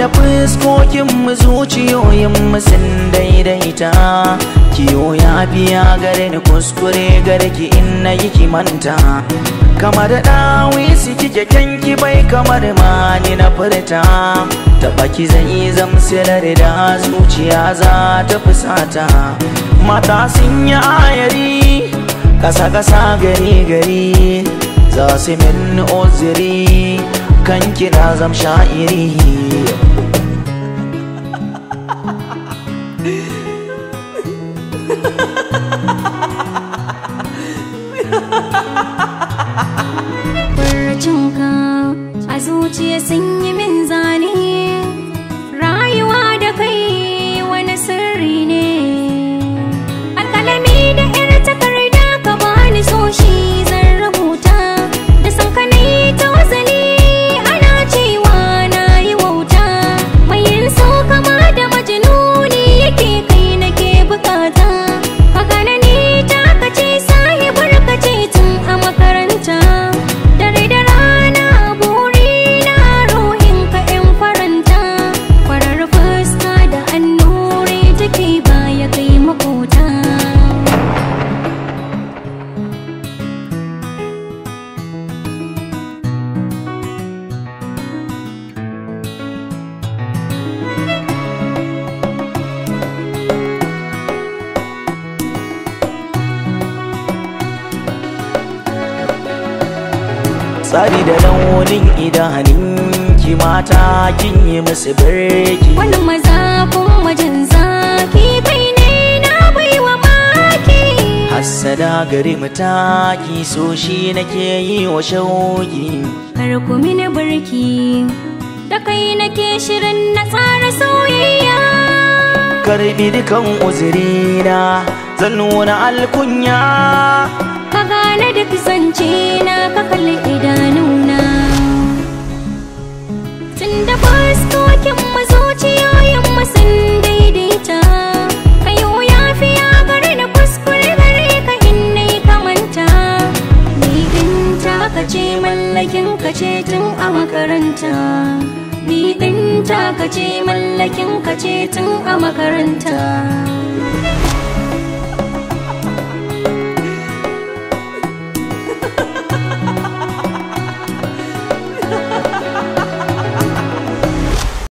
da fuskokinmu mu sun daidaita kiyo ya biya gare ni kuskure garki in na yi kimanta kama da su kike kyanki bai kamar ma ni na furta taɓa ki zai zamsirar da zuciya za ta fusata mata sun yi ayari ƙasa-ƙasa gari-gari za su min uziri. kanki na zam sha'iri Farcinka a zuciya sun yi tsari da launin idanun ki mata kin yi musu birki wani maza kun majin zaki kai ne na baiwa maki hassada gari mutaki so shi nake yi wa shauki kar ku mini birki da kai nake shirin na tsara soyayya karbi dukan uzurina zan nuna alkunya ka gane da zance na ka kalli idanuna tun da fuskokin mu sun daidaita ka yi ya gare da kuskure gare ka inna ka manta ka ce mallakin ka ce tun a makaranta bibinta ka ce mallakin ka ce tun a makaranta